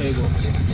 થઈ ગયો